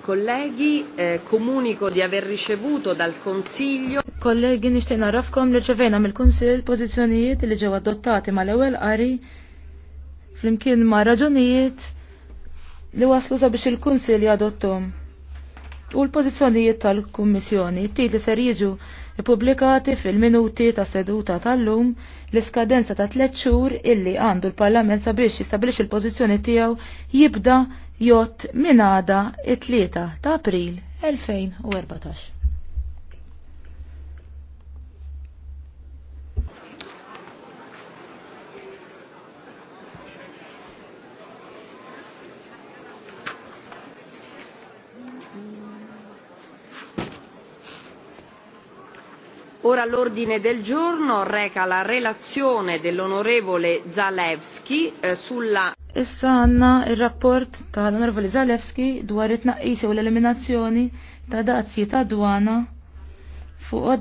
Kolleghi, eh, comunico di aver ricevuto dal Consiglio. Kolleghi, nishtiq narafkom li ġevena mill konsil pożizzjonijiet li ġew adottati mal-ewwel qari flimkien ma' raġunijiet li waslu sabiex il-Kunsil jadottom u l-pozizjonijiet tal-Kummissjoni. Tit li ser jiġu ippubblikati fil-minuti ta' seduta tal-lum l-iskadenza ta' tliet xhur illi għandu l-Parlament sabiex jistabilix il-pożizzjoni tiegħu jibda jott minn għada it-tlieta ta' April 2014. Ora l'ordine del giorno reca la relazione dell'onorevole Zalewski eh, sulla Issa għanna il-rapport ta' l Zalewski dwar it-naqqisi u l-eliminazzjoni ta' dazzi ta' dwana fuq